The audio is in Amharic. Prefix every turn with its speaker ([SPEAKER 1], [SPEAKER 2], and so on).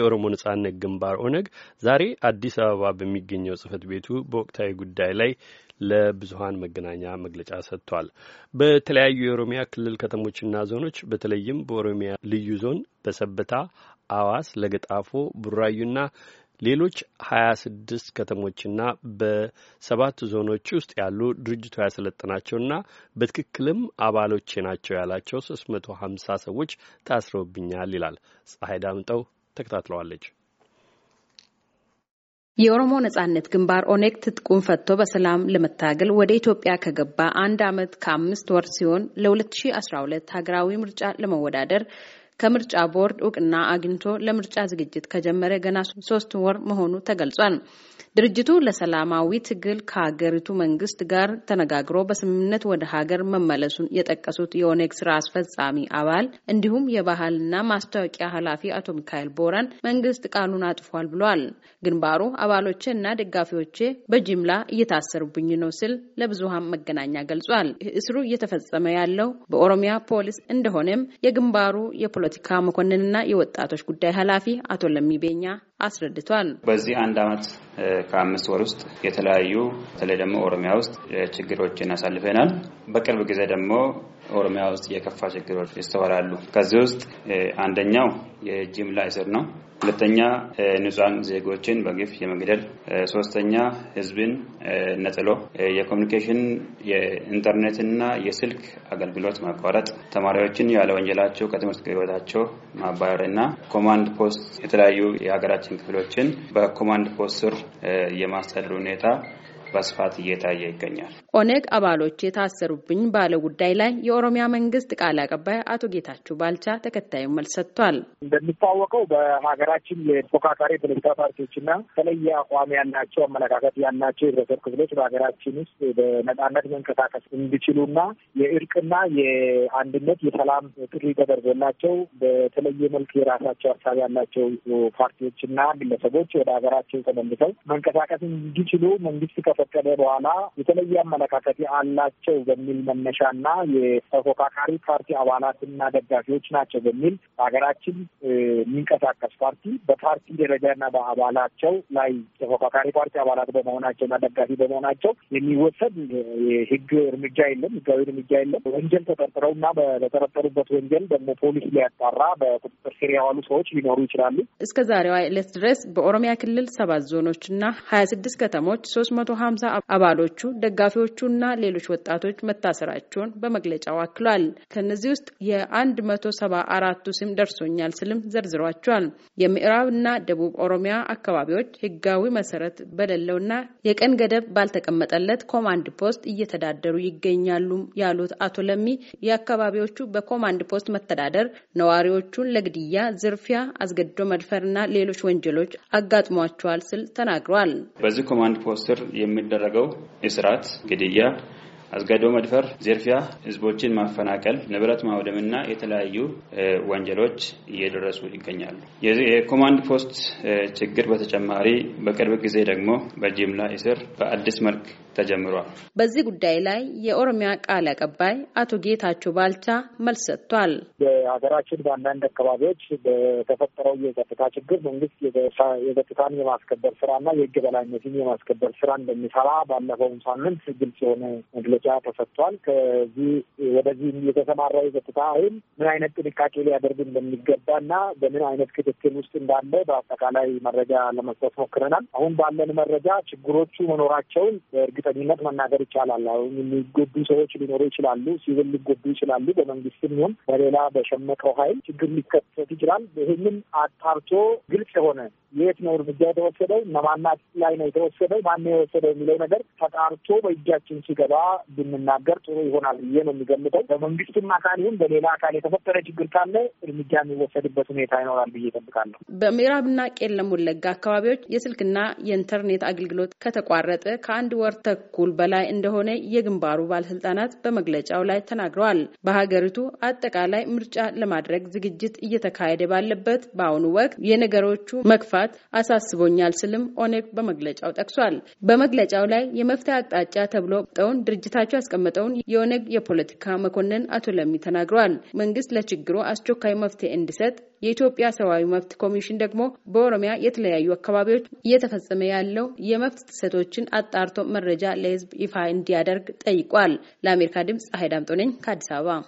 [SPEAKER 1] የኦሮሞ ነጻነት ግንባር ኦነግ ዛሬ አዲስ አበባ በሚገኘው ጽህፈት ቤቱ በወቅታዊ ጉዳይ ላይ ለብዙሀን መገናኛ መግለጫ ሰጥቷል። በተለያዩ የኦሮሚያ ክልል ከተሞችና ዞኖች በተለይም በኦሮሚያ ልዩ ዞን በሰበታ፣ አዋስ፣ ለገጣፎ፣ ቡራዩና ሌሎች 26 ከተሞችና በሰባት ዞኖች ውስጥ ያሉ ድርጅቱ ያሰለጠናቸውና በትክክልም አባሎቼ ናቸው ያላቸው 350 ሰዎች ታስረውብኛል ይላል። ፀሐይ ዳምጠው ተከታትለዋለች።
[SPEAKER 2] የኦሮሞ ነጻነት ግንባር ኦኔግ ትጥቁን ፈቶ በሰላም ለመታገል ወደ ኢትዮጵያ ከገባ አንድ ዓመት ከአምስት ወር ሲሆን ለ2012 ሀገራዊ ምርጫ ለመወዳደር ከምርጫ ቦርድ እውቅና አግኝቶ ለምርጫ ዝግጅት ከጀመረ ገና ሶስት ወር መሆኑ ተገልጿል። ድርጅቱ ለሰላማዊ ትግል ከሀገሪቱ መንግስት ጋር ተነጋግሮ በስምምነት ወደ ሀገር መመለሱን የጠቀሱት የኦነግ ስራ አስፈጻሚ አባል እንዲሁም የባህልና ማስታወቂያ ኃላፊ አቶ ሚካኤል ቦራን መንግስት ቃሉን አጥፏል ብሏል። ግንባሩ አባሎቼ እና ደጋፊዎቼ በጅምላ እየታሰሩብኝ ነው ሲል ለብዙሀን መገናኛ ገልጿል። እስሩ እየተፈጸመ ያለው በኦሮሚያ ፖሊስ እንደሆነም የግንባሩ የፖለ የፖለቲካ መኮንንና የወጣቶች ጉዳይ ኃላፊ አቶ ለሚቤኛ አስረድቷል።
[SPEAKER 1] በዚህ አንድ ዓመት ከአምስት ወር ውስጥ የተለያዩ በተለይ ደግሞ ኦሮሚያ ውስጥ ችግሮችን አሳልፈናል። በቅርብ ጊዜ ደግሞ ኦሮሚያ ውስጥ የከፋ ችግሮች ይስተዋላሉ። ከዚህ ውስጥ አንደኛው የጅምላ እስር ነው። ሁለተኛ ንጹሐን ዜጎችን በግፍ የመግደል፣ ሶስተኛ ህዝብን ነጥሎ የኮሚኒኬሽን የኢንተርኔትና የስልክ አገልግሎት ማቋረጥ፣ ተማሪዎችን ያለ ወንጀላቸው ከትምህርት ገበታቸው ማባረርና ኮማንድ ፖስት የተለያዩ የሀገራችን ክፍሎችን በኮማንድ ፖስት ስር የማስተዳደር ሁኔታ በስፋት እየታየ ይገኛል።
[SPEAKER 2] ኦነግ አባሎች የታሰሩብኝ ባለ ጉዳይ ላይ የኦሮሚያ መንግስት ቃል አቀባይ አቶ ጌታቸው ባልቻ ተከታዩ መልስ ሰጥቷል።
[SPEAKER 3] እንደሚታወቀው በሀገራችን የተፎካካሪ ፖለቲካ ፓርቲዎችና የተለየ አቋም ያላቸው አመለካከት ያላቸው የህብረተሰብ ክፍሎች በሀገራችን ውስጥ በነጻነት መንቀሳቀስ እንዲችሉና የእርቅና የአንድነት የሰላም ጥሪ ተደርጎላቸው በተለየ መልክ የራሳቸው ሀሳብ ያላቸው ፓርቲዎችና ግለሰቦች ወደ ሀገራቸው ተመልሰው መንቀሳቀስ እንዲችሉ መንግስት ከፍ ከተፈቀደ በኋላ የተለየ አመለካከት አላቸው በሚል መነሻና የተፎካካሪ ፓርቲ አባላትና ደጋፊዎች ናቸው በሚል በሀገራችን የሚንቀሳቀስ ፓርቲ በፓርቲ ደረጃና በአባላቸው ላይ ተፎካካሪ ፓርቲ አባላት በመሆናቸውና ደጋፊ በመሆናቸው የሚወሰድ የህግ እርምጃ የለም፣ ህጋዊ እርምጃ የለም። ወንጀል ተጠርጥረው እና በተጠረጠሩበት ወንጀል ደግሞ ፖሊስ ሊያጣራ በቁጥጥር ስር የዋሉ ሰዎች ሊኖሩ ይችላሉ።
[SPEAKER 2] እስከ ዛሬዋ ዕለት ድረስ በኦሮሚያ ክልል ሰባት ዞኖች እና ሀያ ስድስት ከተሞች ሶስት መቶ ሀምሳ አባሎቹ ደጋፊዎቹ እና ሌሎች ወጣቶች መታሰራቸውን በመግለጫው አክሏል። ከነዚህ ውስጥ የ ሰባ ቱ ስም ደርሶኛል ስልም ዘርዝሯቸዋል። የምዕራብ እና ደቡብ ኦሮሚያ አካባቢዎች ህጋዊ መሰረት በሌለውና የቀን ገደብ ባልተቀመጠለት ኮማንድ ፖስት እየተዳደሩ ይገኛሉ ያሉት አቶ ለሚ የአካባቢዎቹ በኮማንድ ፖስት መተዳደር ነዋሪዎቹን ለግድያ፣ ዝርፊያ፣ አስገድዶ እና ሌሎች ወንጀሎች አጋጥሟቸዋል ስል ተናግሯል።
[SPEAKER 1] በዚህ ኮማንድ ፖስት ስር የሚ የሚደረገው እስራት፣ ግድያ፣ አስገድዶ መድፈር፣ ዝርፊያ፣ ህዝቦችን ማፈናቀል፣ ንብረት ማውደምና የተለያዩ ወንጀሎች እየደረሱ ይገኛሉ። የኮማንድ ፖስት ችግር በተጨማሪ በቅርብ ጊዜ ደግሞ በጅምላ እስር በአዲስ መልክ ተጀምሯል።
[SPEAKER 2] በዚህ ጉዳይ ላይ የኦሮሚያ ቃል አቀባይ አቶ ጌታቸው ባልቻ መልስ ሰጥቷል።
[SPEAKER 3] በሀገራችን በአንዳንድ አካባቢዎች በተፈጠረው የጸጥታ ችግር መንግስት የጸጥታን የማስከበር ስራና የህግ በላይነትን የማስከበር ስራ እንደሚሰራ ባለፈውም ሳምንት ግልጽ የሆነ መግለጫ ተሰጥቷል። ከዚህ ወደዚህ የተሰማራ የጸጥታ ኃይል ምን አይነት ጥንቃቄ ሊያደርግ እንደሚገባ እና በምን አይነት ክትትል ውስጥ እንዳለ በአጠቃላይ መረጃ ለመስጠት ሞክረናል። አሁን ባለን መረጃ ችግሮቹ መኖራቸውን በእርግጠ በእርግጠኝነት መናገር ይቻላል። አሁን የሚጎዱ ሰዎች ሊኖሩ ይችላሉ፣ ሲቪል ሊጎዱ ይችላሉ። በመንግስት ይሁን በሌላ በሸመቀው ኃይል ችግር ሊከሰት ይችላል። ይህንን አጣርቶ ግልጽ የሆነ የት ነው እርምጃ የተወሰደው፣ እነማናት ላይ ነው የተወሰደው፣ ማን የወሰደው የሚለው ነገር ተጣርቶ በእጃችን ሲገባ ብንናገር ጥሩ ይሆናል ብዬ ነው የሚገምተው። በመንግስትም አካል ይሁን በሌላ አካል የተፈጠረ ችግር ካለ እርምጃ የሚወሰድበት ሁኔታ ይኖራል ብዬ እጠብቃለሁ።
[SPEAKER 2] በምዕራብና ቄለም ወለጋ አካባቢዎች የስልክና የኢንተርኔት አገልግሎት ከተቋረጠ ከአንድ ወር ተኩል በላይ እንደሆነ የግንባሩ ባለስልጣናት በመግለጫው ላይ ተናግረዋል። በሀገሪቱ አጠቃላይ ምርጫ ለማድረግ ዝግጅት እየተካሄደ ባለበት በአሁኑ ወቅት የነገሮቹ መክፋት አሳስቦኛል ስልም ኦኔግ በመግለጫው ጠቅሷል። በመግለጫው ላይ የመፍትሄ አቅጣጫ ተብሎ ጠውን ድርጅታቸው ያስቀመጠውን የኦነግ የፖለቲካ መኮንን አቶ ለሚ ተናግረዋል። መንግስት ለችግሩ አስቸኳይ መፍትሄ እንዲሰጥ የኢትዮጵያ ሰብአዊ መብት ኮሚሽን ደግሞ በኦሮሚያ የተለያዩ አካባቢዎች እየተፈጸመ ያለው የመብት ጥሰቶችን አጣርቶ መረጃ ለሕዝብ ይፋ እንዲያደርግ ጠይቋል። ለአሜሪካ ድምጽ ፀሐይ ዳምጦ ነኝ ከአዲስ አበባ